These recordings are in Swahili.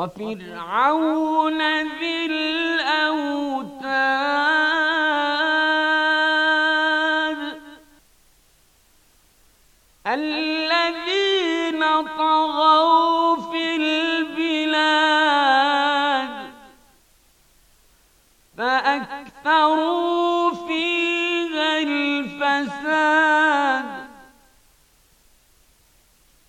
وفرعون ذي الأوتاد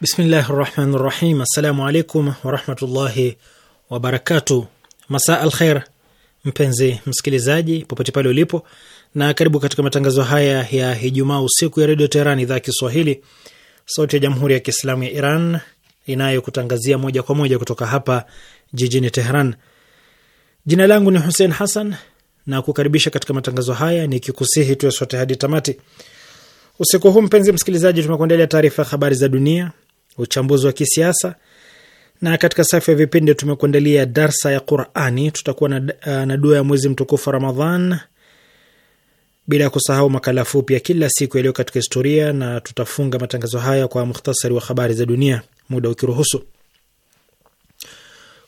Bismillahi rahmani rahim. Assalamu alaikum warahmatullahi wabarakatu. Masa al khair, mpenzi msikilizaji popote pale ulipo, na karibu katika matangazo haya ya Ijumaa usiku ya Redio Teheran, idhaa ya Kiswahili, sauti ya Jamhuri ya Kiislamu ya Iran inayokutangazia moja kwa moja kutoka hapa jijini Teheran. Jina langu ni Hussein Hassan na kukaribisha katika matangazo haya nikikusihi tuwe sote hadi tamati usiku huu. Mpenzi msikilizaji, tumekuandalia taarifa ya habari za dunia uchambuzi wa kisiasa, na katika safu ya vipindi tumekuandalia darsa ya Qurani, tutakuwa na, uh, na dua ya mwezi mtukufu Ramadhan, bila ya kusahau makala fupi ya kila siku yaliyo katika historia, na tutafunga matangazo haya kwa muhtasari wa habari za dunia, muda ukiruhusu.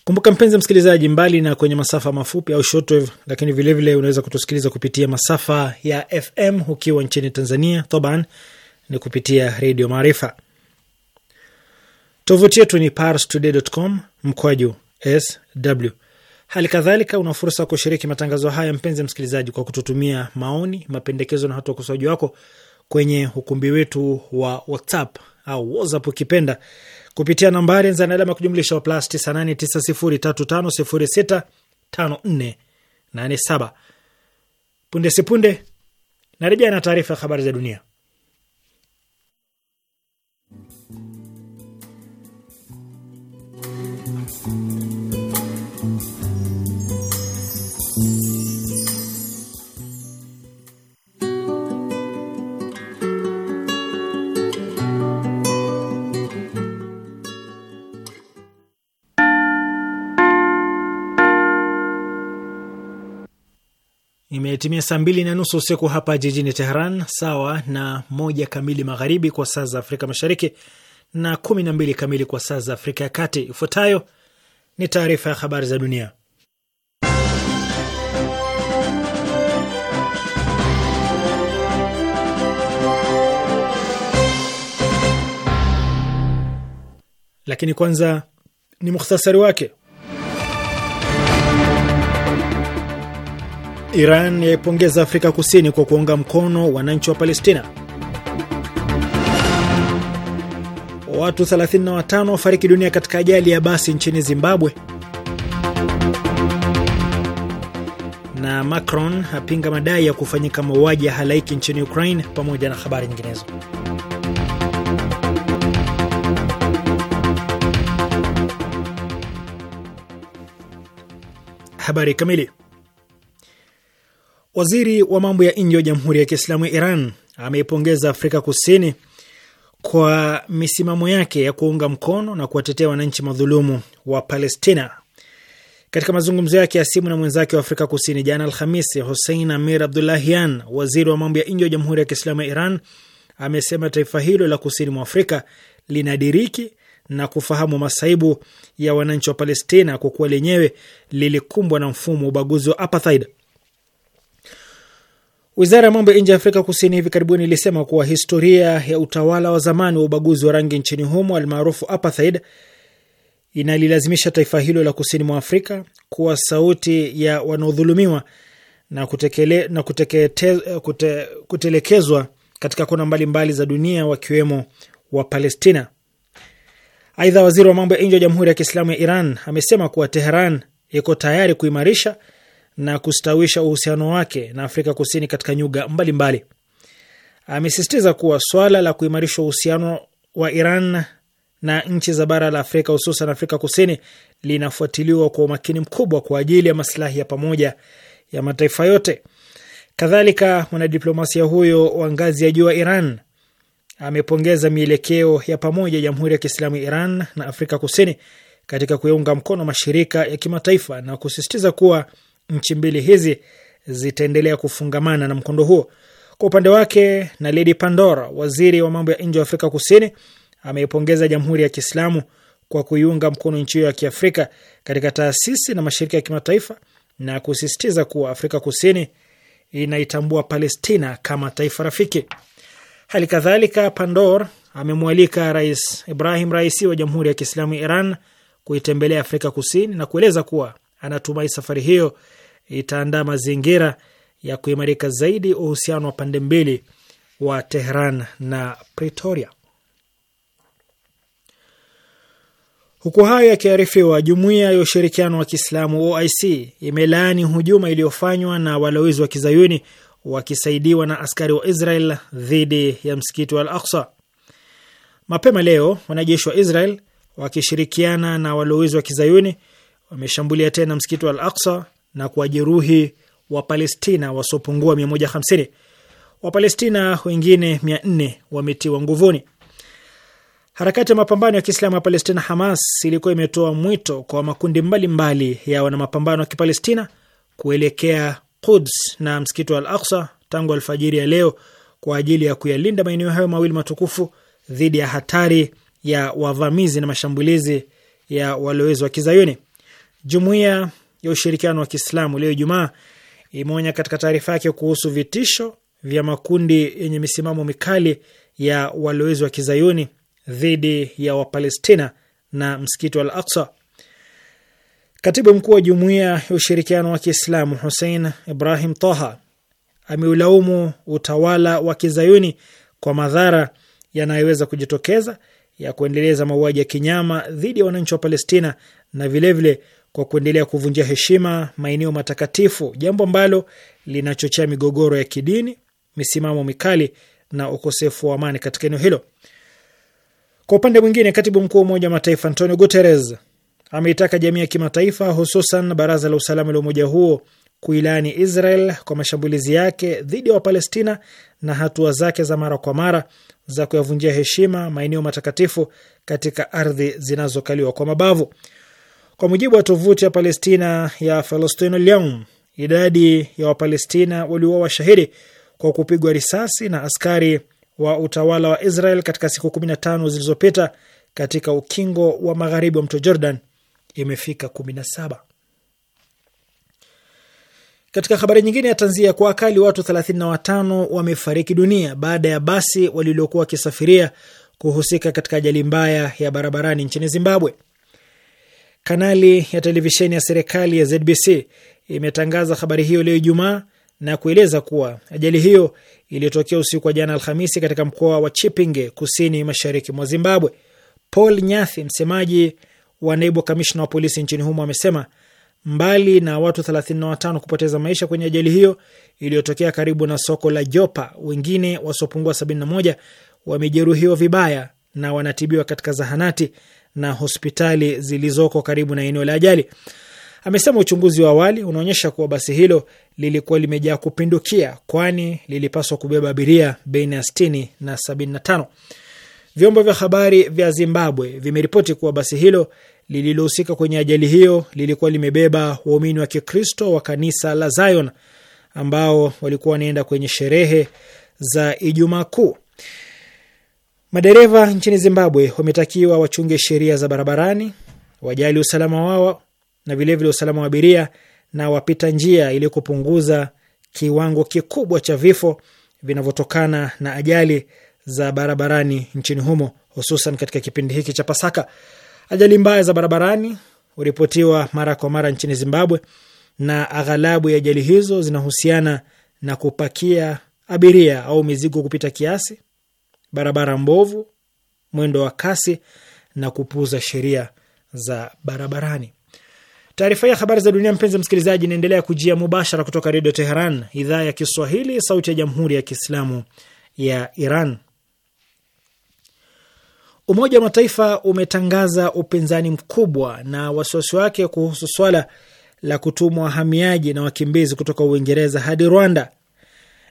Kumbuka mpenzi msikilizaji, mbali na kwenye masafa mafupi au shortwave, lakini vilevile unaweza kutusikiliza kupitia masafa ya FM ukiwa nchini Tanzania, toban ni kupitia Redio Maarifa. Tovuti yetu ni parstoday.com mkwaju sw. Hali kadhalika una fursa ya kushiriki matangazo haya, mpenzi msikilizaji, kwa kututumia maoni, mapendekezo na hata ukosoaji wako kwenye ukumbi wetu wa WhatsApp au WhatsApp ukipenda, kupitia nambari za alama kujumlisha wa plus 989035065487. Punde sipunde narejea na taarifa ya habari za dunia. Imetimia saa mbili na nusu usiku hapa jijini Teheran, sawa na moja kamili magharibi kwa saa za Afrika Mashariki na kumi na mbili kamili kwa saa za Afrika ya Kati. Ifuatayo ni taarifa ya habari za dunia, lakini kwanza ni mukhtasari wake. Iran yaipongeza Afrika Kusini kwa kuunga mkono wananchi wa Palestina. Watu 35 wafariki dunia katika ajali ya basi nchini Zimbabwe. Na Macron apinga madai ya kufanyika mauaji ya halaiki nchini Ukraine pamoja na habari nyinginezo. Habari kamili Waziri wa mambo ya nje wa Jamhuri ya Kiislamu ya Iran ameipongeza Afrika Kusini kwa misimamo yake ya kuunga mkono na kuwatetea wananchi madhulumu wa Palestina. Katika mazungumzo yake ya simu na mwenzake wa Afrika Kusini jana Alhamisi, Hussein Amir Abdulahian, waziri wa mambo ya nje wa Jamhuri ya Kiislamu ya Iran, amesema taifa hilo la kusini mwa Afrika linadiriki na kufahamu masaibu ya wananchi wa Palestina kwa kuwa lenyewe lilikumbwa na mfumo wa ubaguzi wa apartheid. Wizara ya mambo ya nje ya Afrika Kusini hivi karibuni ilisema kuwa historia ya utawala wa zamani wa ubaguzi wa rangi nchini humo almaarufu apartheid inalilazimisha taifa hilo la kusini mwa Afrika kuwa sauti ya wanaodhulumiwa na, kutekele, na kutekete, kute, kutelekezwa katika kona mbalimbali za dunia wakiwemo wa Palestina. Aidha, waziri wa mambo ya nje wa Jamhuri ya Kiislamu ya Iran amesema kuwa Teheran iko tayari kuimarisha na kustawisha uhusiano wake na Afrika Kusini katika nyuga mbalimbali. Amesisitiza kuwa swala la kuimarisha uhusiano wa Iran na nchi za bara la Afrika hususan Afrika Kusini linafuatiliwa kwa umakini mkubwa kwa ajili ya maslahi ya pamoja ya mataifa yote. Kadhalika, mwanadiplomasia huyo wa ngazi ya juu wa Iran amepongeza mielekeo ya pamoja ya Jamhuri ya Kiislamu ya Iran na Afrika Kusini katika kuyaunga mkono mashirika ya kimataifa na kusisitiza kuwa nchi mbili hizi zitaendelea kufungamana na mkondo huo. Kwa upande wake, Naledi Pandora, waziri wa mambo ya nje wa Afrika Kusini, ameipongeza Jamhuri ya Kiislamu kwa kuiunga mkono nchi hiyo ya Kiafrika katika taasisi na mashirika ya kimataifa na kusisitiza kuwa Afrika Kusini inaitambua Palestina kama taifa rafiki. Hali kadhalika, Pandor amemwalika Rais Ibrahim Raisi wa Jamhuri ya Kiislamu ya Iran kuitembelea Afrika Kusini na kueleza kuwa anatumai safari hiyo itaandaa mazingira ya kuimarika zaidi uhusiano wa pande mbili wa Tehran na Pretoria. Huku hayo yakiarifiwa, jumuiya ya ushirikiano wa Kiislamu OIC imelaani hujuma iliyofanywa na walowezi wa kizayuni wakisaidiwa na askari wa Israel dhidi ya msikiti wa Al Aksa. Mapema leo wanajeshi wa Israel wakishirikiana na walowezi wa kizayuni wameshambulia tena msikiti wa Al Aksa na kuwajeruhi wa Palestina wasiopungua 150. Wapalestina wengine 400 wametiwa nguvuni. Harakati ya mapambano ya Kiislamu ya Palestina, Hamas, ilikuwa imetoa mwito kwa makundi mbalimbali mbali ya wanamapambano ya Kipalestina kuelekea Quds na msikiti wa Al aqsa tangu alfajiri ya leo kwa ajili ya kuyalinda maeneo hayo mawili matukufu dhidi ya hatari ya wavamizi na mashambulizi ya walowezi wa Kizayuni. Jumuiya ya ushirikiano wa Kiislamu leo Ijumaa imeonya katika taarifa yake kuhusu vitisho vya makundi yenye misimamo mikali ya walowezi wa kizayuni dhidi ya Wapalestina na msikiti wa Al Aksa. Katibu mkuu wa Jumuiya ya Ushirikiano wa Kiislamu Hussein Ibrahim Taha ameulaumu utawala wa kizayuni kwa madhara yanayoweza kujitokeza ya kuendeleza mauaji ya kinyama dhidi ya wananchi wa Palestina na vilevile vile kwa kuendelea kuvunjia heshima maeneo matakatifu, jambo ambalo linachochea migogoro ya kidini, misimamo mikali na ukosefu wa amani katika eneo hilo. Kwa upande mwingine, katibu mkuu wa Umoja wa Mataifa Antonio Guterres ameitaka jamii ya kimataifa, hususan Baraza la Usalama la umoja huo kuilani Israel kwa mashambulizi yake dhidi ya wa Wapalestina na hatua zake za mara kwa mara za kuyavunjia heshima maeneo matakatifu katika ardhi zinazokaliwa kwa mabavu. Kwa mujibu wa tovuti ya Palestina ya Falastino Lyaum, idadi ya Wapalestina waliuawa washahidi kwa kupigwa risasi na askari wa utawala wa Israel katika siku 15 zilizopita katika ukingo wa magharibi wa mto Jordan imefika 17. Katika habari nyingine ya tanzia, kwa akali watu 35 wamefariki dunia baada ya basi walilokuwa wakisafiria kuhusika katika ajali mbaya ya barabarani nchini Zimbabwe. Kanali ya televisheni ya serikali ya ZBC imetangaza habari hiyo leo Ijumaa na kueleza kuwa ajali hiyo iliyotokea usiku wa jana Alhamisi katika mkoa wa Chipinge, kusini mashariki mwa Zimbabwe. Paul Nyathi, msemaji wa naibu kamishna wa polisi nchini humo, amesema mbali na watu 35 kupoteza maisha kwenye ajali hiyo iliyotokea karibu na soko la Jopa, wengine wasiopungua 71 wamejeruhiwa vibaya na wanatibiwa katika zahanati na hospitali zilizoko karibu na eneo la ajali. Amesema uchunguzi wa awali unaonyesha kuwa basi hilo lilikuwa limejaa kupindukia, kwani lilipaswa kubeba abiria baina ya 60 na 75. Vyombo vya habari vya Zimbabwe vimeripoti kuwa basi hilo lililohusika kwenye ajali hiyo lilikuwa limebeba waumini wa Kikristo wa kanisa la Zion ambao walikuwa wanaenda kwenye sherehe za Ijumaa Kuu. Madereva nchini Zimbabwe wametakiwa wachunge sheria za barabarani, wajali usalama wao na vilevile usalama wa abiria na wapita njia, ili kupunguza kiwango kikubwa cha vifo vinavyotokana na ajali za barabarani nchini humo, hususan katika kipindi hiki cha Pasaka. Ajali mbaya za barabarani huripotiwa mara kwa mara nchini Zimbabwe, na aghalabu ya ajali hizo zinahusiana na kupakia abiria au mizigo kupita kiasi barabara mbovu, mwendo wa kasi na kupuuza sheria za barabarani. Taarifa hii ya habari za dunia, mpenzi msikilizaji, inaendelea kujia mubashara kutoka Redio Teheran, idhaa ya Kiswahili, sauti ya Jamhuri ya Kiislamu ya Iran. Umoja wa Mataifa umetangaza upinzani mkubwa na wasiwasi wake kuhusu swala la kutumwa wahamiaji na wakimbizi kutoka Uingereza hadi Rwanda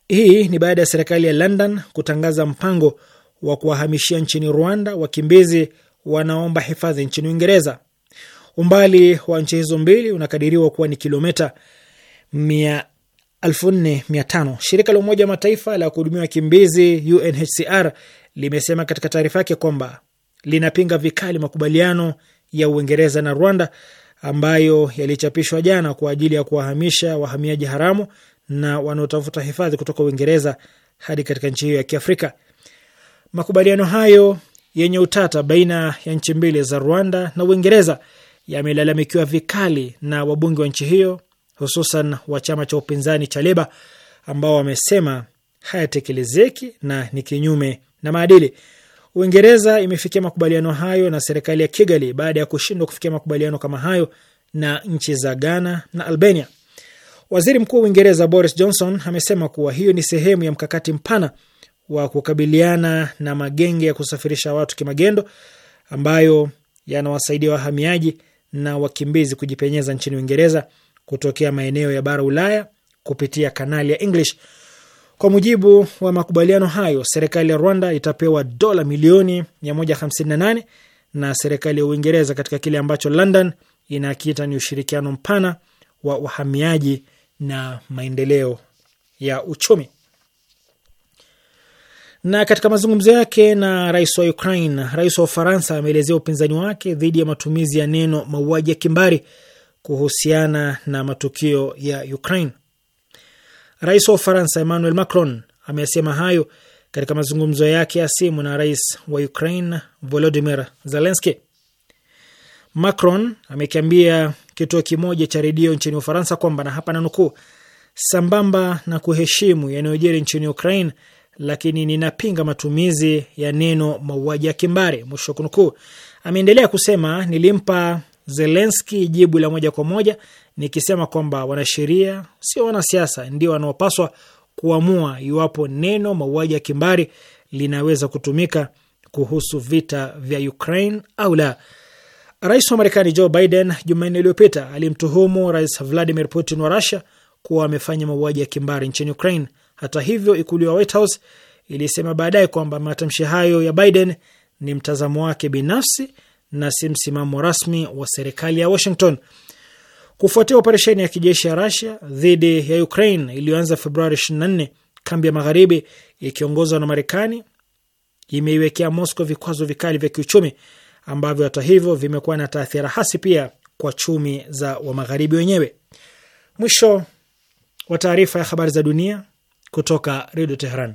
hii ni baada ya serikali ya London kutangaza mpango wa kuwahamishia nchini Rwanda wakimbizi wanaomba hifadhi nchini Uingereza. Umbali wa nchi hizo mbili unakadiriwa kuwa ni kilomita 45. Shirika la Umoja wa Mataifa la kuhudumia wakimbizi UNHCR limesema katika taarifa yake kwamba linapinga vikali makubaliano ya Uingereza na Rwanda ambayo yalichapishwa jana kwa ajili ya kuwahamisha wahamiaji haramu na wanaotafuta hifadhi kutoka Uingereza hadi katika nchi hiyo ya Kiafrika. Makubaliano hayo yenye utata baina ya nchi mbili za Rwanda na Uingereza yamelalamikiwa vikali na wabunge wa nchi hiyo, hususan wa chama cha upinzani cha Leba ambao wamesema hayatekelezeki na ni kinyume na maadili. Uingereza imefikia makubaliano hayo na serikali ya Kigali baada ya kushindwa kufikia makubaliano kama hayo na nchi za Ghana na Albania. Waziri Mkuu wa Uingereza Boris Johnson amesema kuwa hiyo ni sehemu ya mkakati mpana wa kukabiliana na magenge ya kusafirisha watu kimagendo ambayo yanawasaidia wahamiaji na wakimbizi kujipenyeza nchini Uingereza kutokea maeneo ya bara Ulaya kupitia kanali ya English. Kwa mujibu wa makubaliano hayo, serikali ya Rwanda itapewa dola milioni 158 na serikali ya Uingereza katika kile ambacho London inakiita ni ushirikiano mpana wa wahamiaji na maendeleo ya uchumi. Na katika mazungumzo yake na rais wa Ukraine, rais wa Ufaransa ameelezea upinzani wake dhidi ya matumizi ya neno mauaji ya kimbari kuhusiana na matukio ya Ukraine. Rais wa Ufaransa Emmanuel Macron ameyasema hayo katika mazungumzo yake ya simu na rais wa Ukraine Volodimir Zelenski. Macron amekiambia kituo kimoja cha redio nchini Ufaransa kwamba na hapa nanukuu, sambamba na kuheshimu yanayojiri nchini Ukraine, lakini ninapinga matumizi ya neno mauaji ya kimbari, mwisho kunukuu. Ameendelea kusema, nilimpa Zelenski jibu la moja kwa moja nikisema kwamba wanasheria sio wanasiasa ndio wanaopaswa kuamua iwapo neno mauaji ya kimbari linaweza kutumika kuhusu vita vya Ukraine au la. Rais wa Marekani Joe Biden Jumanne iliyopita alimtuhumu Rais Vladimir Putin wa Rusia kuwa amefanya mauaji ya kimbari nchini Ukraine. Hata hivyo, ikulu ya White House ilisema baadaye kwamba matamshi hayo ya Biden ni mtazamo wake binafsi na si msimamo rasmi wa serikali ya Washington. Kufuatia operesheni ya kijeshi ya Rusia dhidi ya Ukraine iliyoanza Februari 24, kambi ya magharibi ikiongozwa na Marekani imeiwekea Moscow vikwazo vikali vya kiuchumi ambavyo hata hivyo vimekuwa na taathira hasi pia kwa chumi za wamagharibi wenyewe. Mwisho wa taarifa ya habari za dunia kutoka Redio Teheran.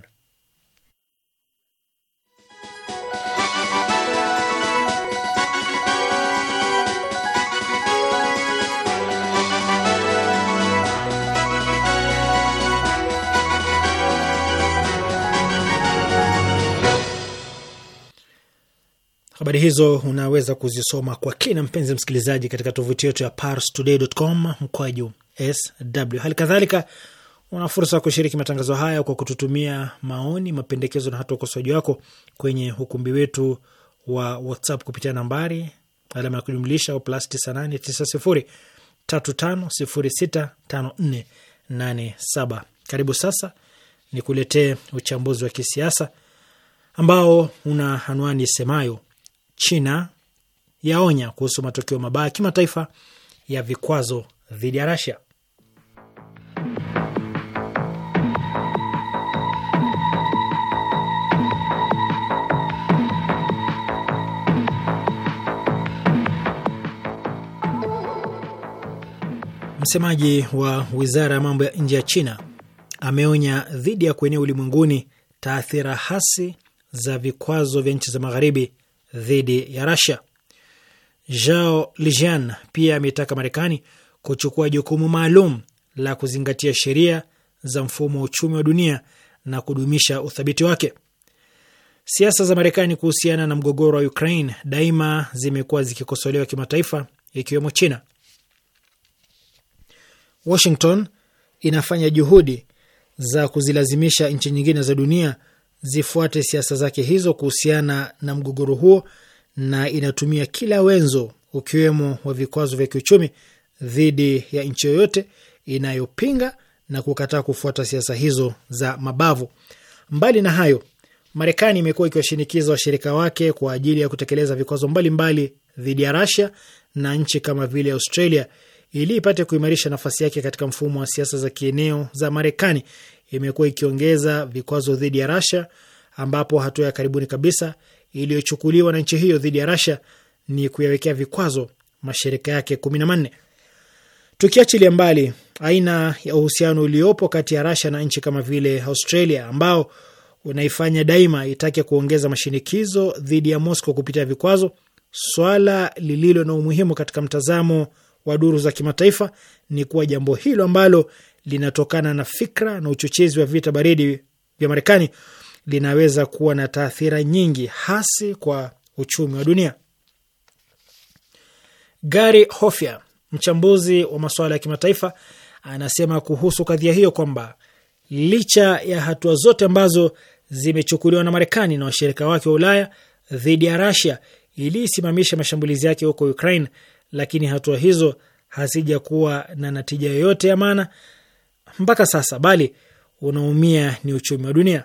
Habari hizo unaweza kuzisoma kwa kina, mpenzi msikilizaji, katika tovuti yetu ya parstoday.com mkwaju sw. Hali kadhalika una fursa ya kushiriki matangazo haya kwa kututumia maoni, mapendekezo na hata ukosoaji wako kwenye ukumbi wetu wa WhatsApp kupitia nambari alama ya kujumlisha au plus 989035065487. Karibu sasa ni kuletee uchambuzi wa kisiasa ambao una anwani semayo China yaonya kuhusu matokeo mabaya kimataifa ya vikwazo dhidi ya Rasia. Msemaji wa wizara ya mambo ya nje ya China ameonya dhidi ya kuenea ulimwenguni taathira hasi za vikwazo vya nchi za magharibi dhidi ya Rasia. Jao Lijian pia ametaka Marekani kuchukua jukumu maalum la kuzingatia sheria za mfumo wa uchumi wa dunia na kudumisha uthabiti wake. Siasa za Marekani kuhusiana na mgogoro wa Ukraine daima zimekuwa zikikosolewa kimataifa, ikiwemo China. Washington inafanya juhudi za kuzilazimisha nchi nyingine za dunia zifuate siasa zake hizo kuhusiana na mgogoro huo na inatumia kila wenzo ukiwemo wa vikwazo vya kiuchumi dhidi ya nchi yoyote inayopinga na kukataa kufuata siasa hizo za mabavu. Mbali na hayo, Marekani imekuwa ikiwashinikiza washirika wake kwa ajili ya kutekeleza vikwazo mbalimbali dhidi ya Rasia na nchi kama vile Australia ili ipate kuimarisha nafasi yake katika mfumo wa siasa za kieneo za Marekani imekuwa ikiongeza vikwazo dhidi ya Russia, ambapo hatua ya karibuni kabisa iliyochukuliwa na nchi hiyo dhidi ya Russia ni kuyawekea vikwazo mashirika yake kumi na manne. Tukiachilia mbali aina ya uhusiano uliopo kati ya Russia na nchi kama vile Australia ambao unaifanya daima itake kuongeza mashinikizo dhidi ya Mosco kupitia vikwazo, swala lililo na umuhimu katika mtazamo wa duru za kimataifa ni kuwa jambo hilo ambalo linatokana na fikra na uchochezi wa vita baridi vya Marekani linaweza kuwa na taathira nyingi hasi kwa uchumi wa dunia. Gary Hofia, mchambuzi wa masuala ya kimataifa, anasema kuhusu kadhia hiyo kwamba licha ya hatua zote ambazo zimechukuliwa na Marekani na washirika wake wa Ulaya dhidi ya rasia ili isimamishe mashambulizi yake huko Ukraine, lakini hatua hizo hazijakuwa na natija yoyote ya maana mpaka sasa, bali unaumia ni uchumi wa dunia.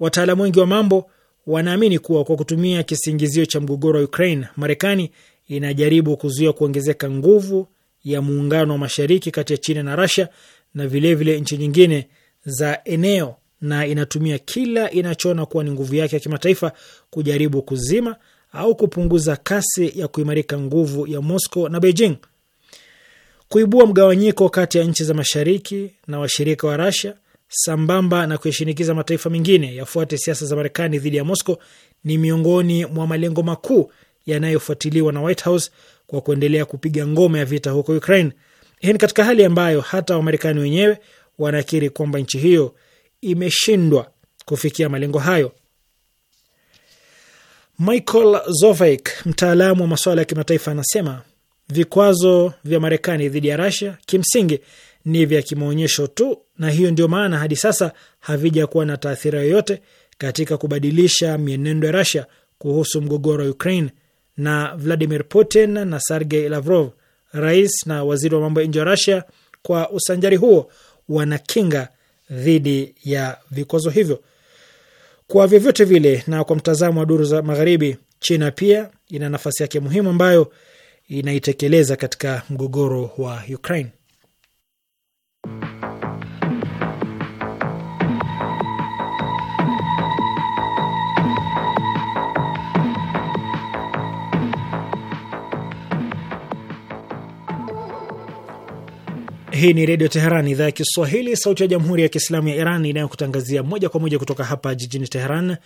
Wataalamu wengi wa mambo wanaamini kuwa kwa kutumia kisingizio cha mgogoro wa Ukraine, Marekani inajaribu kuzuia kuongezeka nguvu ya muungano wa mashariki kati ya China na Russia na vilevile nchi nyingine za eneo, na inatumia kila inachoona kuwa ni nguvu yake ya kimataifa kujaribu kuzima au kupunguza kasi ya kuimarika nguvu ya Moscow na Beijing kuibua mgawanyiko kati ya nchi za mashariki na washirika wa Rasia sambamba na kuyashinikiza mataifa mengine yafuate siasa za Marekani dhidi ya Moscow ni miongoni mwa malengo makuu yanayofuatiliwa na White House kwa kuendelea kupiga ngome ya vita huko Ukraine. Hii ni katika hali ambayo hata Wamarekani wenyewe wanakiri kwamba nchi hiyo imeshindwa kufikia malengo hayo. Michael Zovik, mtaalamu wa masuala ya kimataifa, anasema vikwazo vya Marekani dhidi ya Rasia kimsingi ni vya kimaonyesho tu, na hiyo ndio maana hadi sasa kuwa na taathira yoyote katika kubadilisha mienendo ya Rasia kuhusu mgogoro wa Ukraine. Na Vladimir Putin na Sergei Lavrov, rais na waziri wa mambo ya nje wa Rasia, kwa usanjari huo wanakinga dhidi ya vikwazo hivyo kwa vyovyote vile. Na kwa mtazamo wa duru za Magharibi, China pia ina nafasi yake muhimu ambayo inaitekeleza katika mgogoro wa Ukraine. Hii ni Redio Teheran, idhaa ya Kiswahili, sauti ya Jamhuri ya Kiislamu ya Iran inayokutangazia moja kwa moja kutoka hapa jijini Teheran.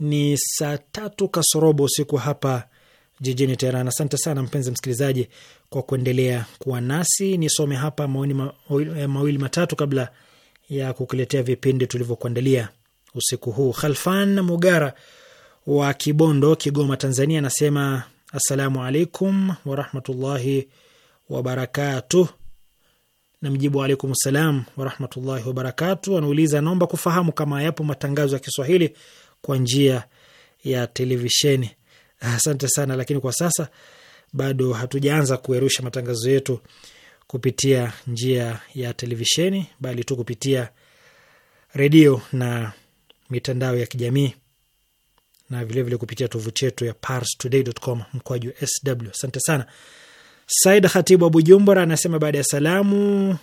Ni saa tatu kasorobo usiku hapa jijini Teheran. Asante sana mpenzi msikilizaji kwa kuendelea kuwa nasi. Nisome hapa maoni eh, mawili matatu kabla ya kukuletea vipindi tulivyokuandalia usiku huu. Khalfan Mugara wa Kibondo, Kigoma, Tanzania anasema assalamu alaikum warahmatullahi wabarakatuh. mjibu alaikum salam warahmatullahi wabarakatuh. Anauliza, anaomba kufahamu kama yapo matangazo ya Kiswahili kwa njia ya televisheni. Asante sana, lakini kwa sasa bado hatujaanza kuerusha matangazo yetu kupitia njia ya televisheni, bali tu kupitia redio na mitandao ya kijamii na vilevile vile kupitia tovuti yetu ya parstoday.com mkwaju sw. Asante sana. Said Khatibu wa Bujumbura anasema baada ya salamu,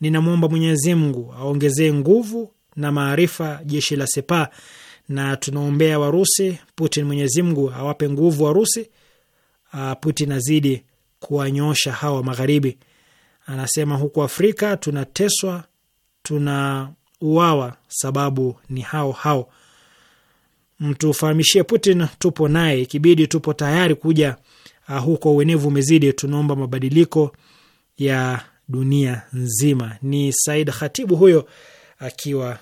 ninamwomba Mwenyezi Mungu aongezee nguvu na maarifa jeshi la sepaa na tunaombea Warusi. Putin, Mwenyezi Mungu awape nguvu Warusi. Ah, Putin azidi kuwanyosha hawa Magharibi, anasema. Huku Afrika tunateswa, tuna uawa sababu ni hao hao. Mtufahamishie Putin, tupo naye, ikibidi tupo tayari kuja ah, huko. Uenevu umezidi, tunaomba mabadiliko ya dunia nzima. Ni Said Khatibu huyo akiwa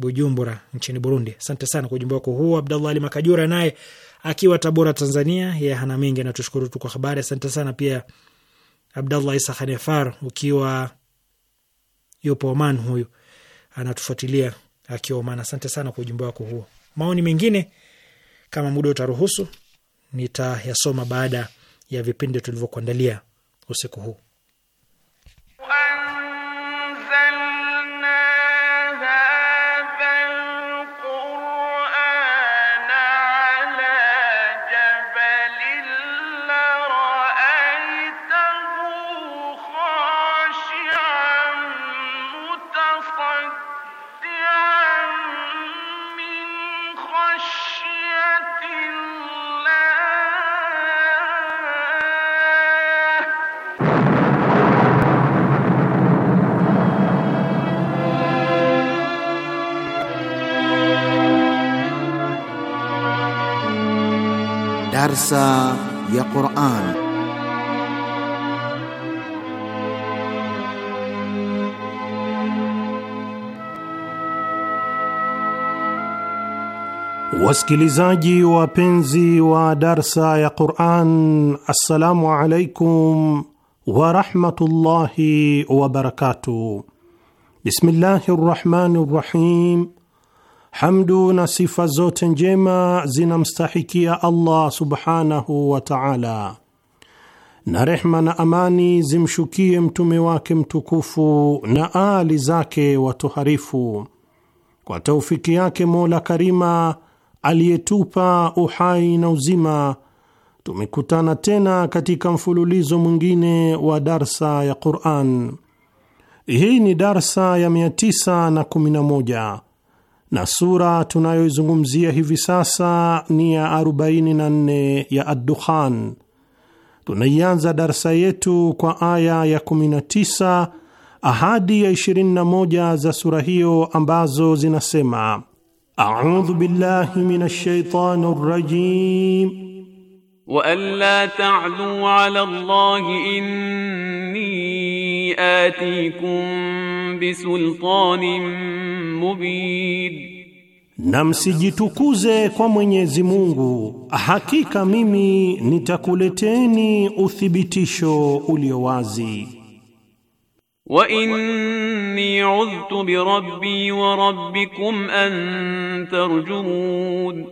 Bujumbura nchini Burundi. Asante sana kwa ujumbe wako huu. Abdallah Ali Makajura naye akiwa Tabora, Tanzania, yeye hana mengi, anatushukuru tu kwa habari. Asante sana pia Abdallah Isa Hanefar ukiwa yupo Oman, huyu anatufuatilia akiwa Oman. Asante sana kwa ujumbe wako huo. Maoni mengine kama muda utaruhusu, nitayasoma baada ya vipindi tulivyokuandalia usiku huu. عسى يا قرآن Wasikilizaji wapenzi wa darsa ya Qur'an, assalamu alaikum wa rahmatullahi wa barakatuh. Bismillahir rahmanir rahim Hamdu na sifa zote njema zinamstahikia Allah subhanahu wa ta'ala, na rehma na amani zimshukie mtume wake mtukufu na aali zake watoharifu. Kwa taufiki yake Mola Karima aliyetupa uhai na uzima, tumekutana tena katika mfululizo mwingine wa darsa ya Qur'an. Hii ni darsa ya 911 na sura tunayoizungumzia hivi sasa ni ya 44 ya Ad-Dukhan. Tunaianza darsa yetu kwa aya ya 19 ahadi ya 21 za sura hiyo ambazo zinasema: a'udhu billahi minash shaitani rrajim وألا تعلوا على الله إني آتيكم بسلطان مبين na msijitukuze kwa Mwenyezi Mungu, hakika mimi nitakuleteni uthibitisho ulio wazi. wa inni udhtu bi rabbi wa rabbikum an tarjumun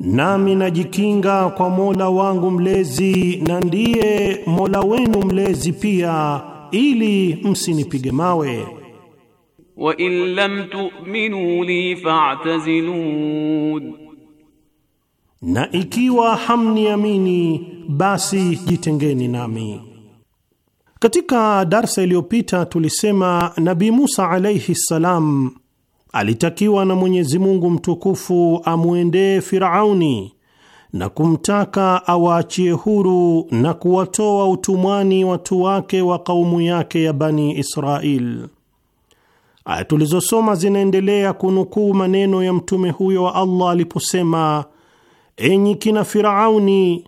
Nami najikinga kwa Mola wangu mlezi na ndiye Mola wenu mlezi pia, ili msinipige mawe. Wa in lam tu'minu li fa'tazilun, na ikiwa hamniamini basi jitengeni nami. Katika darsa iliyopita tulisema Nabii Musa alayhi salam alitakiwa na Mwenyezi Mungu mtukufu amwendee Firauni na kumtaka awaachie huru na kuwatoa utumwani watu wake wa kaumu yake ya Bani Israil. Aya tulizosoma zinaendelea kunukuu maneno ya mtume huyo wa Allah aliposema, enyi kina Firauni,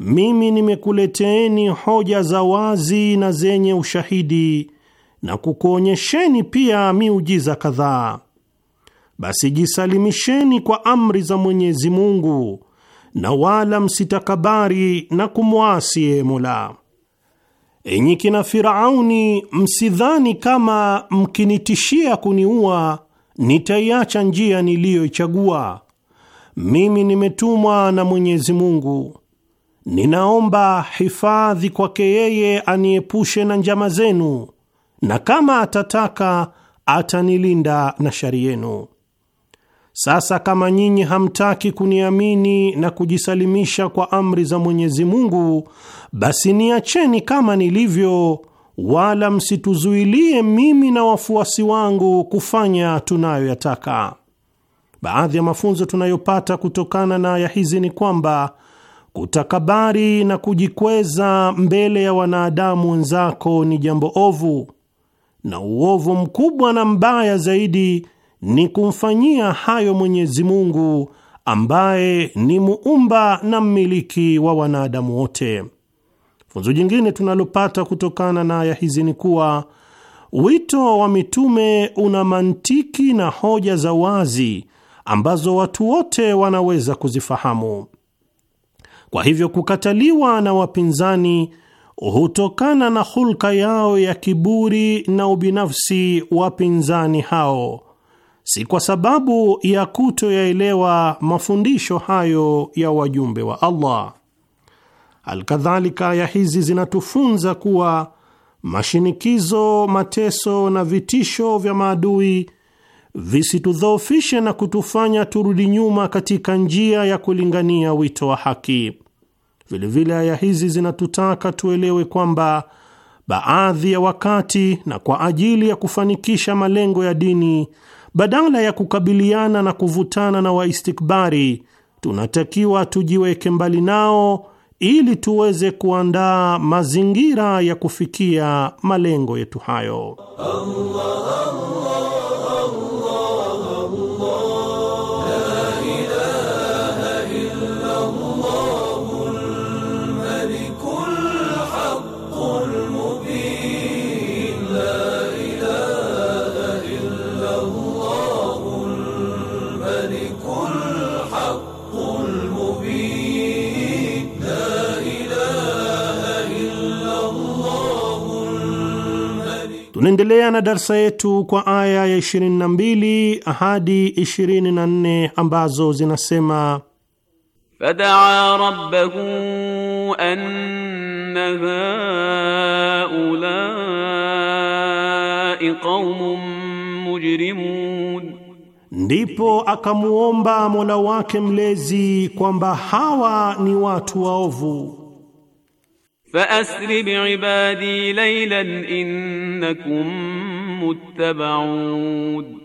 mimi nimekuleteeni hoja za wazi na zenye ushahidi na kukuonyesheni pia miujiza kadhaa basi jisalimisheni kwa amri za Mwenyezi Mungu na wala msitakabari na kumwasi yeye Mola. Enyi kina Firauni, msidhani kama mkinitishia kuniua nitaiacha njia niliyoichagua mimi. Nimetumwa na Mwenyezi Mungu, ninaomba hifadhi kwake yeye aniepushe na njama zenu, na kama atataka atanilinda na shari yenu. Sasa kama nyinyi hamtaki kuniamini na kujisalimisha kwa amri za Mwenyezi Mungu, basi niacheni kama nilivyo, wala msituzuilie mimi na wafuasi wangu kufanya tunayoyataka. Baadhi ya mafunzo tunayopata kutokana na aya hizi ni kwamba kutakabari na kujikweza mbele ya wanadamu wenzako ni jambo ovu, na uovu mkubwa na mbaya zaidi ni kumfanyia hayo Mwenyezi Mungu ambaye ni muumba na mmiliki wa wanadamu wote. Funzo jingine tunalopata kutokana na aya hizi ni kuwa wito wa mitume una mantiki na hoja za wazi ambazo watu wote wanaweza kuzifahamu. Kwa hivyo kukataliwa na wapinzani hutokana na hulka yao ya kiburi na ubinafsi. Wapinzani hao si kwa sababu ya kutoyaelewa mafundisho hayo ya wajumbe wa Allah. Alkadhalika, aya hizi zinatufunza kuwa mashinikizo, mateso na vitisho vya maadui visitudhoofishe na kutufanya turudi nyuma katika njia ya kulingania wito wa haki. Vilevile aya hizi zinatutaka tuelewe kwamba baadhi ya wakati na kwa ajili ya kufanikisha malengo ya dini badala ya kukabiliana na kuvutana na waistikbari, tunatakiwa tujiweke mbali nao ili tuweze kuandaa mazingira ya kufikia malengo yetu hayo. Allah, Allah. Tunaendelea na darsa yetu kwa aya ya 22 hadi 24 ambazo zinasema: fadaa rabbahu anna haulai qaumun mujrimun, ndipo akamuomba Mola wake mlezi kwamba hawa ni watu waovu faasri biibadi laylan innakum muttabaun,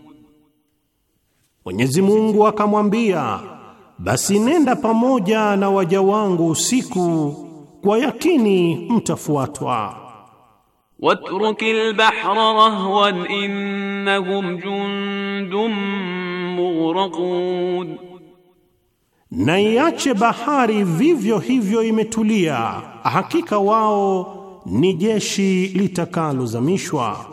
Mwenyezi Mungu akamwambia, basi nenda pamoja na waja wangu usiku, kwa yakini mtafuatwa. Watrukil bahra rahwan innahum jundum mughraqun na iache bahari vivyo hivyo imetulia, hakika wao ni jeshi litakalozamishwa.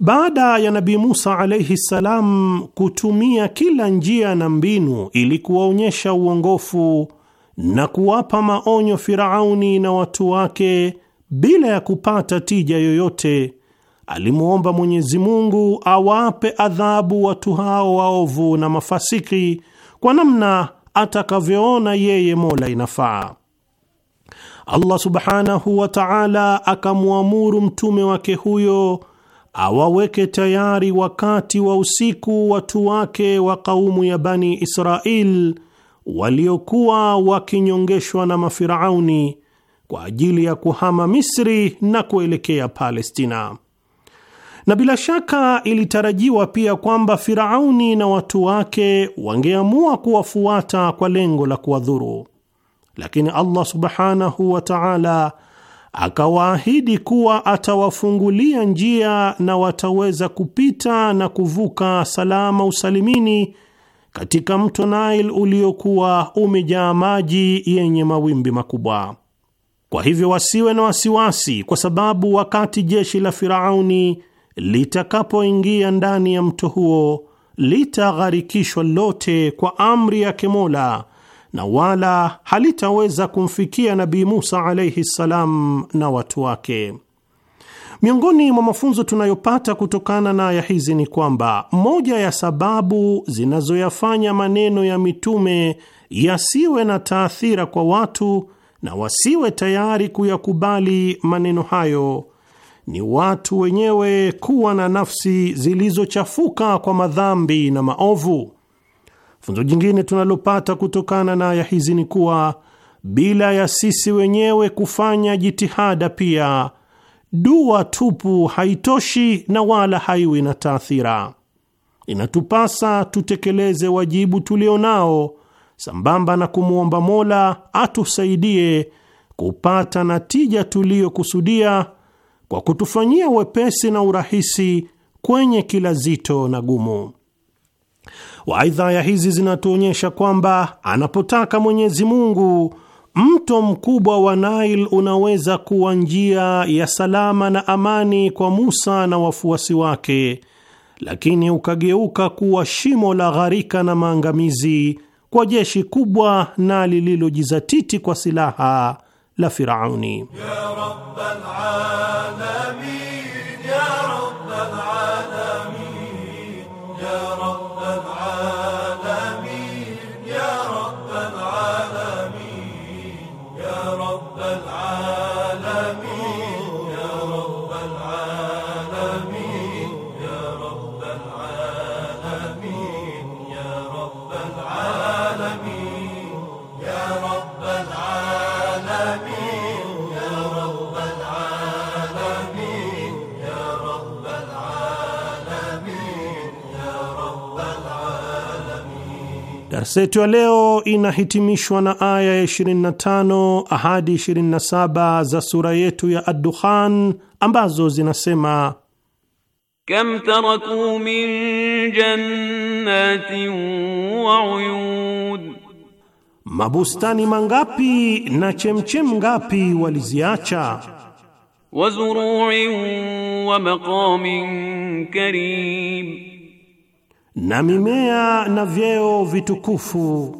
Baada ya Nabii Musa alaihi ssalam kutumia kila njia na mbinu ili kuwaonyesha uongofu na kuwapa maonyo Firauni na watu wake bila ya kupata tija yoyote, alimwomba Mwenyezi Mungu awape adhabu watu hao waovu na mafasiki kwa namna atakavyoona yeye Mola inafaa. Allah subhanahu wa ta'ala akamwamuru mtume wake huyo awaweke tayari wakati wa usiku watu wake wa kaumu ya Bani Israil waliokuwa wakinyongeshwa na mafirauni kwa ajili ya kuhama Misri na kuelekea Palestina na bila shaka ilitarajiwa pia kwamba Firauni na watu wake wangeamua kuwafuata kwa lengo la kuwadhuru, lakini Allah subhanahu wa ta'ala akawaahidi kuwa atawafungulia njia na wataweza kupita na kuvuka salama usalimini katika mto Nile uliokuwa umejaa maji yenye mawimbi makubwa. Kwa hivyo wasiwe na wasiwasi, kwa sababu wakati jeshi la Firauni litakapoingia ndani ya mto huo litagharikishwa lote kwa amri yake Mola, na wala halitaweza kumfikia Nabii Musa alaihi ssalam na watu wake. Miongoni mwa mafunzo tunayopata kutokana na aya hizi ni kwamba moja ya sababu zinazoyafanya maneno ya mitume yasiwe na taathira kwa watu na wasiwe tayari kuyakubali maneno hayo ni watu wenyewe kuwa na nafsi zilizochafuka kwa madhambi na maovu. Funzo jingine tunalopata kutokana na aya hizi ni kuwa bila ya sisi wenyewe kufanya jitihada, pia dua tupu haitoshi na wala haiwi na taathira. Inatupasa tutekeleze wajibu tulio nao, sambamba na kumwomba Mola atusaidie kupata natija tuliyokusudia kwa kutufanyia wepesi na urahisi kwenye kila zito na gumu. Waidha, ya hizi zinatuonyesha kwamba anapotaka Mwenyezi Mungu, mto mkubwa wa Nile unaweza kuwa njia ya salama na amani kwa Musa na wafuasi wake, lakini ukageuka kuwa shimo la gharika na maangamizi kwa jeshi kubwa na lililojizatiti kwa silaha لفرعوني يا رب العالمين Setu ya leo inahitimishwa na aya ya 25 hadi 27 za sura yetu ya Ad-Dukhan ambazo zinasema: kam taraku min jannatin wa uyun, mabustani mangapi na chemchem ngapi waliziacha. Wa zuru'in wa maqamin karim na mimea na vyeo vitukufu.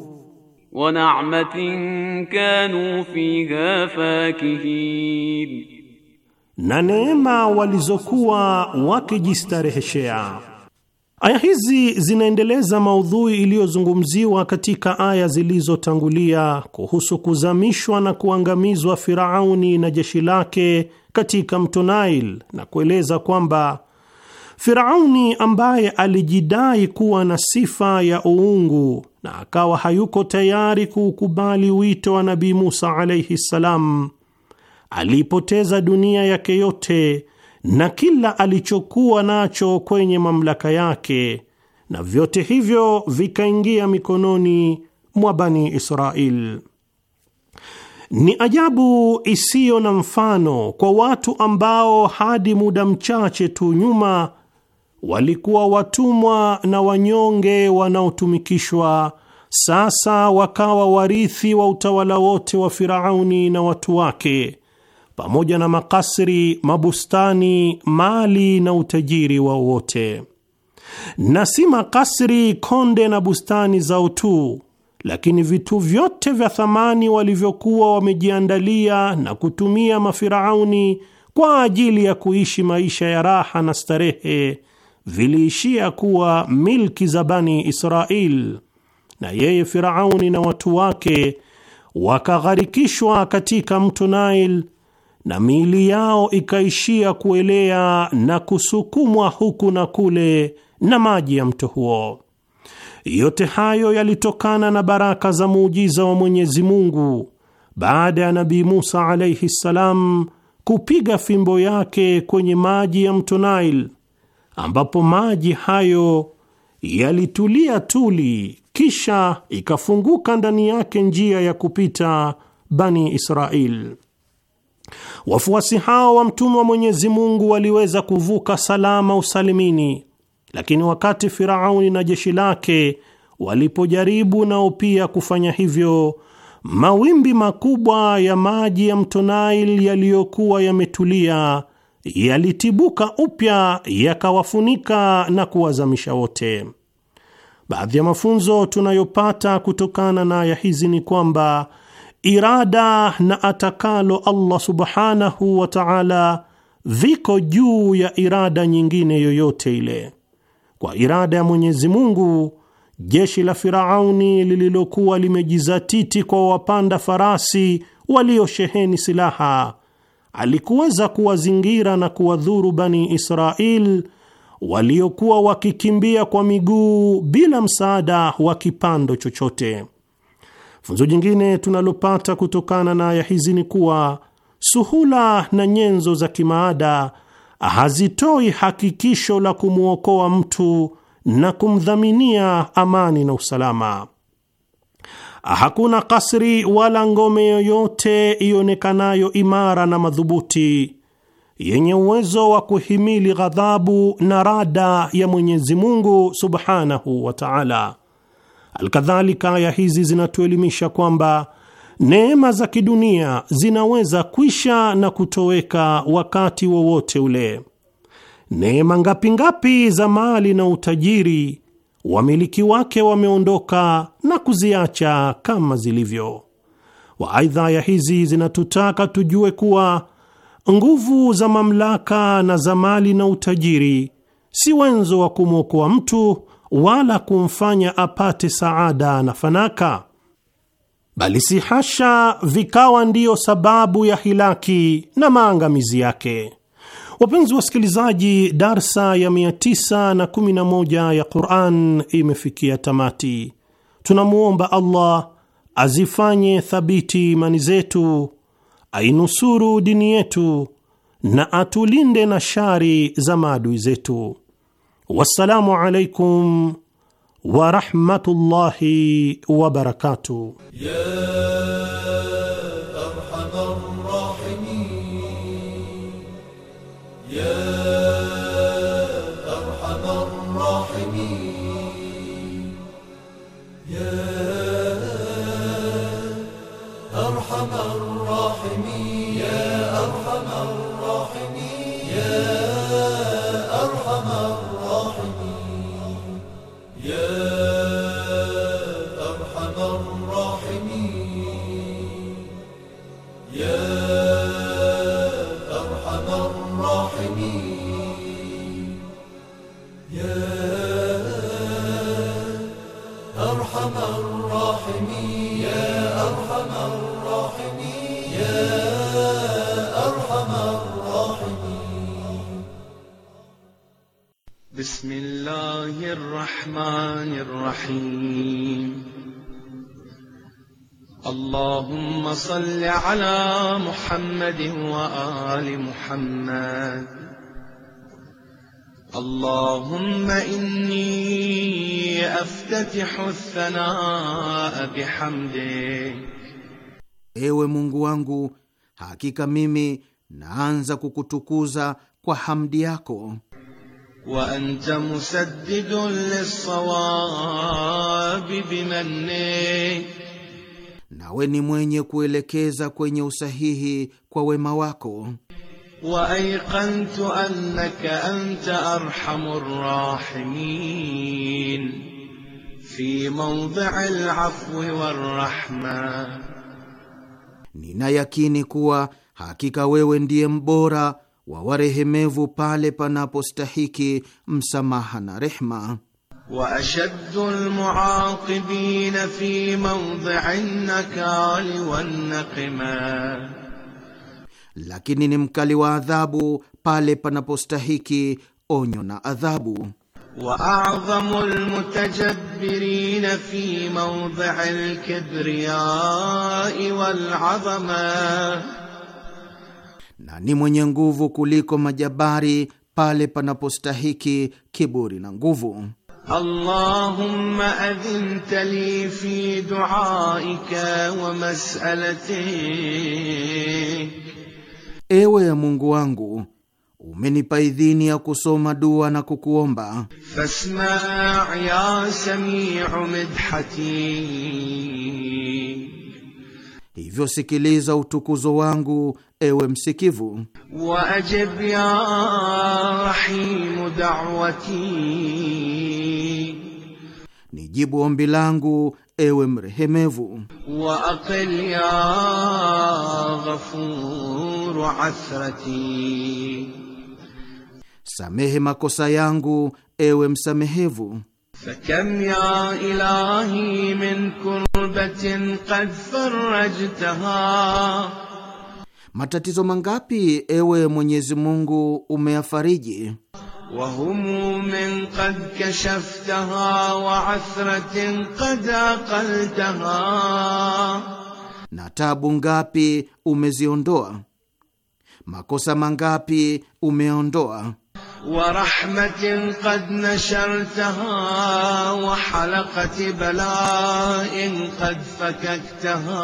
wa na'matin kanu fiha fakihin, na neema walizokuwa wakijistareheshea. Aya hizi zinaendeleza maudhui iliyozungumziwa katika aya zilizotangulia kuhusu kuzamishwa na kuangamizwa Firauni na jeshi lake katika mto Nile na kueleza kwamba Firauni ambaye alijidai kuwa na sifa ya uungu na akawa hayuko tayari kuukubali wito wa Nabii Musa alaihi ssalam, alipoteza dunia yake yote na kila alichokuwa nacho kwenye mamlaka yake, na vyote hivyo vikaingia mikononi mwa Bani Israil. Ni ajabu isiyo na mfano kwa watu ambao hadi muda mchache tu nyuma walikuwa watumwa na wanyonge wanaotumikishwa, sasa wakawa warithi wa utawala wote wa Firauni na watu wake, pamoja na makasri, mabustani, mali na utajiri wao wote, na si makasri, konde na bustani zao tu lakini vitu vyote vya thamani walivyokuwa wamejiandalia na kutumia mafirauni kwa ajili ya kuishi maisha ya raha na starehe viliishia kuwa milki za Bani Israil, na yeye Firauni na watu wake wakagharikishwa katika mto Nile na miili yao ikaishia kuelea na kusukumwa huku na kule na maji ya mto huo. Yote hayo yalitokana na baraka za muujiza wa Mwenyezi Mungu baada ya Nabii Musa alaihi ssalam kupiga fimbo yake kwenye maji ya mto Nile ambapo maji hayo yalitulia tuli, kisha ikafunguka ndani yake njia ya kupita Bani israel Wafuasi hao wa mtume wa Mwenyezi Mungu waliweza kuvuka salama usalimini, lakini wakati Firauni na jeshi lake walipojaribu nao pia kufanya hivyo, mawimbi makubwa ya maji ya mto Nile yaliyokuwa yametulia yalitibuka upya yakawafunika na kuwazamisha wote. Baadhi ya mafunzo tunayopata kutokana na aya hizi ni kwamba irada na atakalo Allah subhanahu wa ta'ala viko juu ya irada nyingine yoyote ile. Kwa irada ya Mwenyezi Mungu, jeshi la Firauni lililokuwa limejizatiti kwa wapanda farasi waliosheheni silaha alikuweza kuwazingira na kuwadhuru Bani israel waliokuwa wakikimbia kwa miguu bila msaada wa kipando chochote. Funzo jingine tunalopata kutokana na aya hizi ni kuwa suhula na nyenzo za kimaada hazitoi hakikisho la kumwokoa mtu na kumdhaminia amani na usalama. Hakuna kasri wala ngome yoyote ionekanayo imara na madhubuti yenye uwezo wa kuhimili ghadhabu na rada ya Mwenyezi Mungu Subhanahu wa Ta'ala. Alkadhalika, aya hizi zinatuelimisha kwamba neema za kidunia zinaweza kwisha na kutoweka wakati wowote ule. Neema ngapi ngapi za mali na utajiri wamiliki wake wameondoka na kuziacha kama zilivyo. Waaidha, ya hizi zinatutaka tujue kuwa nguvu za mamlaka na za mali na utajiri si wenzo wa kumwokoa mtu wala kumfanya apate saada na fanaka, bali si hasha, vikawa ndiyo sababu ya hilaki na maangamizi yake. Wapenzi wasikilizaji, darsa ya 911 ya Quran imefikia tamati. Tunamwomba Allah azifanye thabiti imani zetu, ainusuru dini yetu na atulinde na shari za maadui zetu. Wassalamu alaikum warahmatullahi wabarakatuh. الرحمن الرحيم اللهم صل على محمد وآل محمد اللهم إني أفتتح الثناء بحمدك Ewe Mungu wangu, hakika mimi naanza kukutukuza kwa hamdi yako. وأنت مسدد للصواب بمنك nawe ni mwenye kuelekeza kwenye usahihi kwa wema wako. wa waaiqantu annaka anta arhamu rrahimin fi mawdii alafwi warrahma, nina yakini kuwa hakika wewe ndiye mbora wa warehemevu pale panapostahiki msamaha na rehma. وأشد المعاقبين في موضع النكال والنقما, lakini ni mkali wa adhabu pale panapostahiki onyo na adhabu. وأعظم المتجبرين في موضع الكبرياء والعظمة na ni mwenye nguvu kuliko majabari pale panapostahiki kiburi na nguvu. Allahumma adhinta li fi duaika wa ewe ya Mungu wangu umenipa idhini ya kusoma dua na kukuomba. Fasma ya samiu midhati hivyo sikiliza utukuzo wangu ewe msikivu. Waajab ya rahimu dawati, nijibu ombi langu ewe mrehemevu. Wa aqil ya ghafuru asrati, samehe makosa yangu ewe msamehevu. فكم يا إلهي من كربة قد فرجتها matatizo mangapi ewe Mwenyezi Mungu umeyafariji, wa humumin qad kashaftaha wa athratin qad aqaltaha, na tabu ngapi umeziondoa, makosa mangapi umeondoa ورحمة قد نشرتها وحلقة بلاء قد فككتها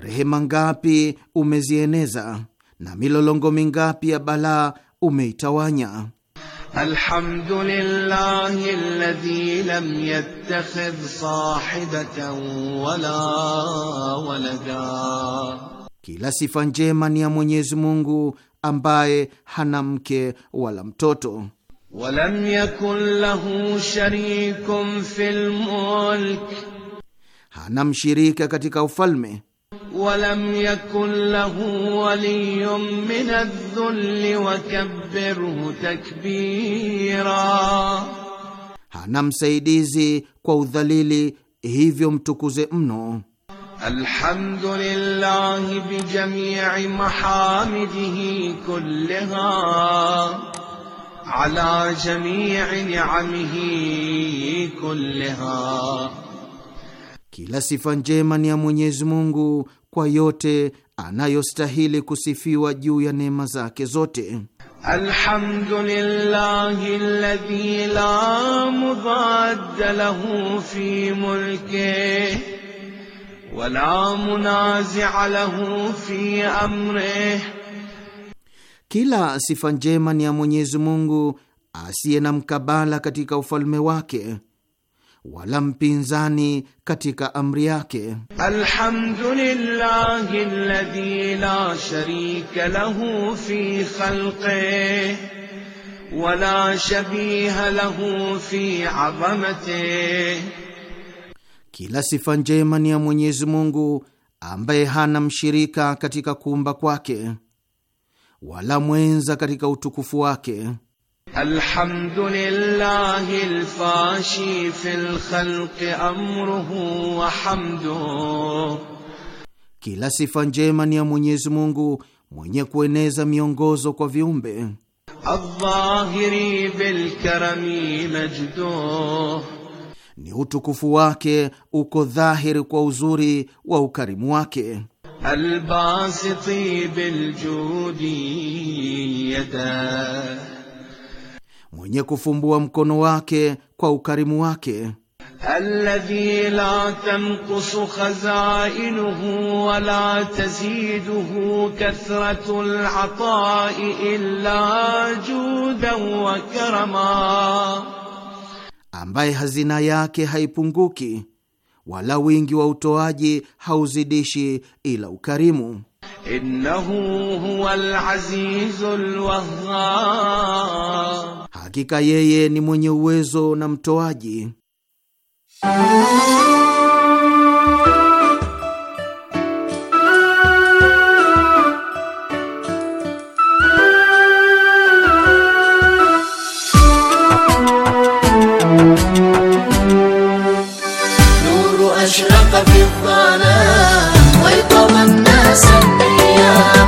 Rehema ngapi umezieneza na milolongo mingapi ya balaa umeitawanya. Alhamdulillahi alladhi lam yattakhidh sahibatan wala walada, kila sifa njema ni ya Mwenyezi Mungu ambaye hana mke wala mtoto. walam yakun lahu sharikun fil mulk, hana mshirika katika ufalme. walam yakun lahu min adh-dhulli takbira, hana msaidizi kwa udhalili, hivyo mtukuze mno. الحمد لله بجميع محامده كلها على جميع نعمه كلها كلا sifa njema يا ya Mwenyezi Mungu kwa yote anayostahili kusifiwa juu ya neema zake zote. Alhamdulillahi alladhi la mudadda lahu fi mulkihi ولا منازع له في امره كلا صفه njema يا منيز مungu asiye na mkabala katika ufalme wake wala mpinzani katika amri yake. Alhamdulillahi alladhi la sharika lahu fi khalqi wala shabiha lahu fi azamati, kila sifa njema ni ya Mwenyezi Mungu ambaye hana mshirika katika kuumba kwake wala mwenza katika utukufu wake. fil khalqi amruhu wa kila sifa njema ni ya Mwenyezi Mungu mwenye kueneza miongozo kwa viumbe. majduh ni utukufu wake uko dhahiri kwa uzuri wa ukarimu wake. mwenye kufumbua mkono wake kwa ukarimu wake. Alladhi la tanqusu khazainuhu wa la taziduhu kathratul illa judan wa karama ambaye hazina yake haipunguki wala wingi wa utoaji hauzidishi ila ukarimu. Innahu huwal azizul wahhab, hakika yeye ni mwenye uwezo na mtoaji الحق في الظلام الناس سميا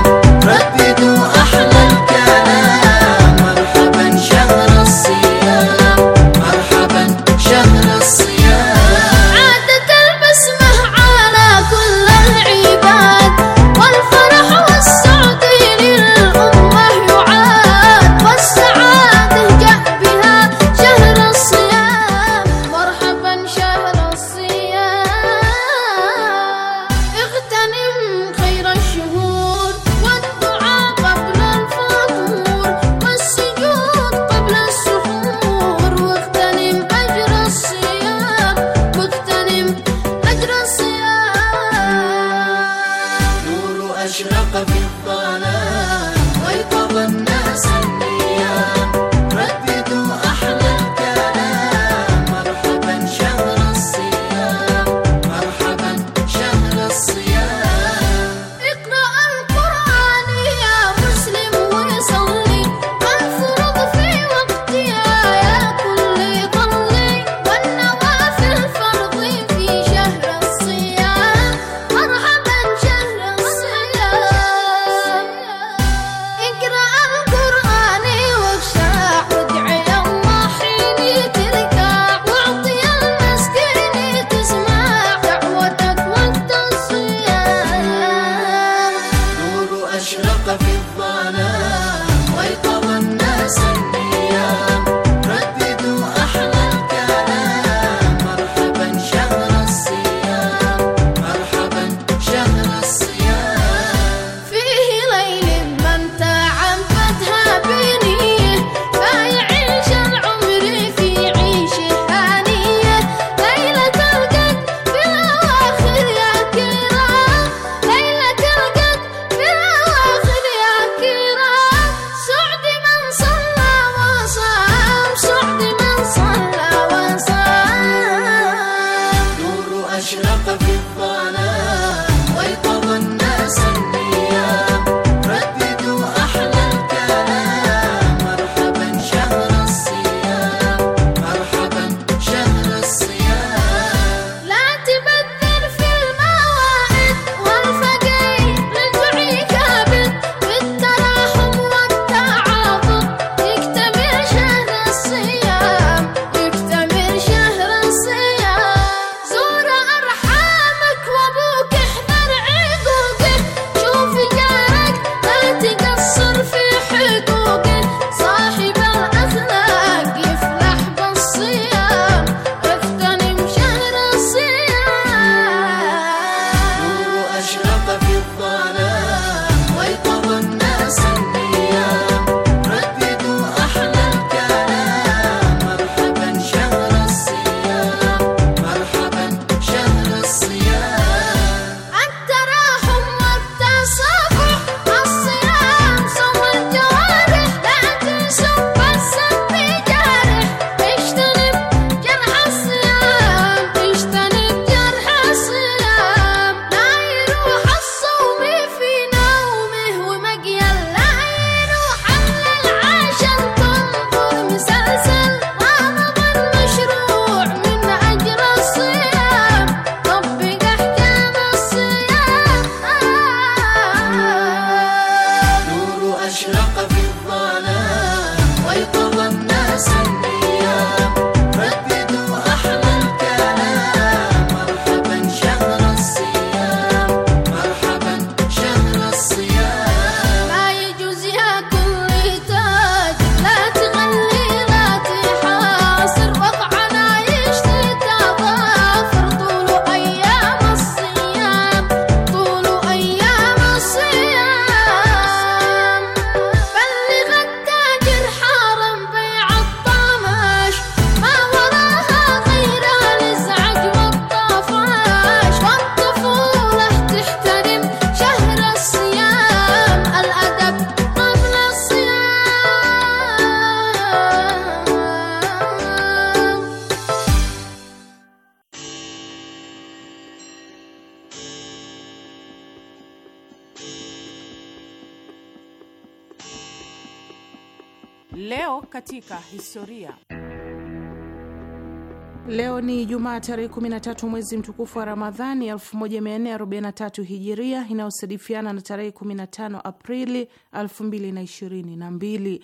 Ijumaa tarehe 13 mwezi mtukufu wa Ramadhani 1443 hijiria inayosadifiana na tarehe 15 Aprili 2022.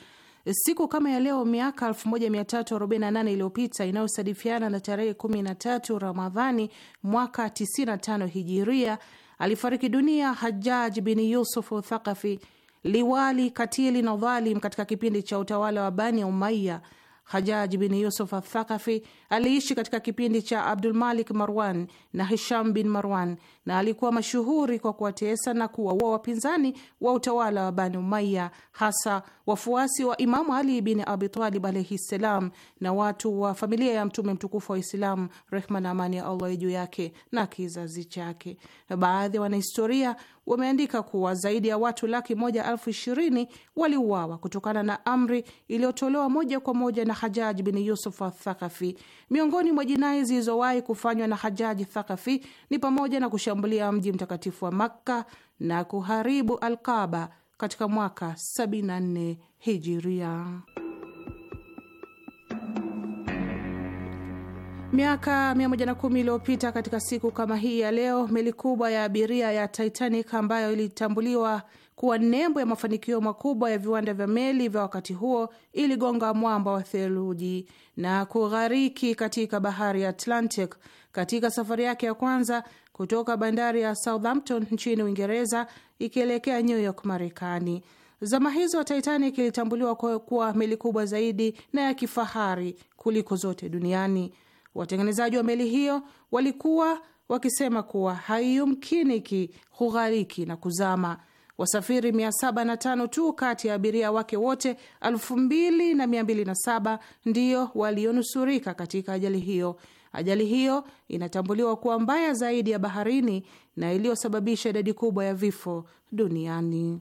Siku kama ya leo miaka 1348 iliyopita inayosadifiana na tarehe 13 Ramadhani mwaka 95 hijiria alifariki dunia Hajjaj bin Yusuf Thaqafi, liwali katili na dhalim katika kipindi cha utawala wa Bani Umayya. Hajjaj bin Yusuf Athakafi Aliishi katika kipindi cha Abdulmalik Marwan na Hisham bin Marwan na alikuwa mashuhuri kwa kuwatesa na kuwaua wapinzani wa utawala wa Bani Umaya, hasa wafuasi wa Imamu Ali bin Abitalib alaihi ssalam na watu wa familia ya Mtume mtukufu wa Islamu, rehma na amani ya Allah juu yake na kizazi chake. Baadhi ya wanahistoria wameandika kuwa zaidi ya watu laki moja elfu ishirini waliuawa kutokana na amri iliyotolewa moja kwa moja na Hajaj bin Yusuf Athakafi Miongoni mwa jinai zilizowahi kufanywa na Hajaji Thakafi ni pamoja na kushambulia mji mtakatifu wa Makka na kuharibu Alkaba katika mwaka 74 Hijiria. Miaka 110 iliyopita katika siku kama hii ya leo, meli kubwa ya abiria ya Titanic ambayo ilitambuliwa kuwa nembo ya mafanikio makubwa ya viwanda vya meli vya wakati huo iligonga mwamba wa theluji na kughariki katika bahari ya Atlantic katika safari yake ya kwanza kutoka bandari ya Southampton nchini Uingereza ikielekea New York, Marekani. Zama hizo Titanic ilitambuliwa kuwa meli kubwa zaidi na ya kifahari kuliko zote duniani. Watengenezaji wa meli hiyo walikuwa wakisema kuwa haiyumkiniki kughariki na kuzama wasafiri 705 tu kati ya abiria wake wote 2207 ndiyo walionusurika katika ajali hiyo. Ajali hiyo inatambuliwa kuwa mbaya zaidi ya baharini na iliyosababisha idadi kubwa ya vifo duniani.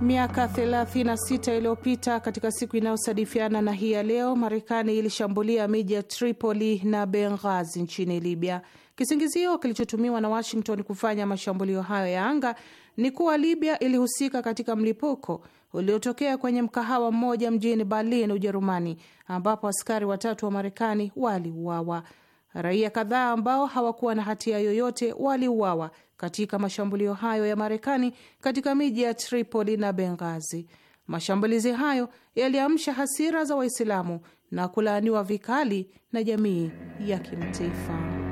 Miaka 36 iliyopita katika siku inayosadifiana na hii ya leo, Marekani ilishambulia miji ya Tripoli na Benghazi nchini Libya. Kisingizio kilichotumiwa na Washington kufanya mashambulio hayo ya anga ni kuwa Libya ilihusika katika mlipuko uliotokea kwenye mkahawa mmoja mjini Berlin, Ujerumani, ambapo askari watatu wa Marekani waliuawa. Raia kadhaa ambao hawakuwa na hatia yoyote waliuawa katika mashambulio hayo ya Marekani katika miji ya Tripoli na Benghazi. Mashambulizi hayo yaliamsha hasira za Waislamu na kulaaniwa vikali na jamii ya kimataifa.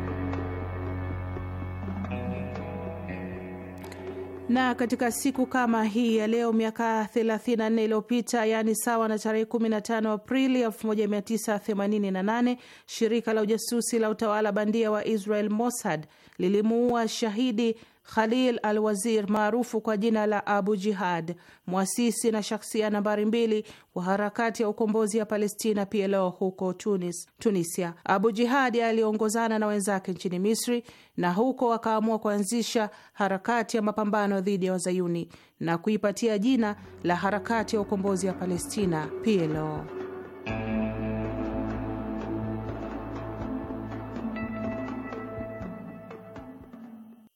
Na katika siku kama hii ya leo miaka 34 iliyopita, yaani sawa na tarehe 15 Aprili 1988, shirika la ujasusi la utawala bandia wa Israel Mossad lilimuua shahidi Khalil al Wazir, maarufu kwa jina la Abu Jihad, mwasisi na shakhsia nambari mbili wa harakati ya ukombozi ya Palestina, PLO, huko Tunis, Tunisia. Abu jihadi aliongozana na wenzake nchini Misri na huko akaamua kuanzisha harakati ya mapambano dhidi ya wazayuni na kuipatia jina la harakati ya ukombozi ya Palestina, PLO.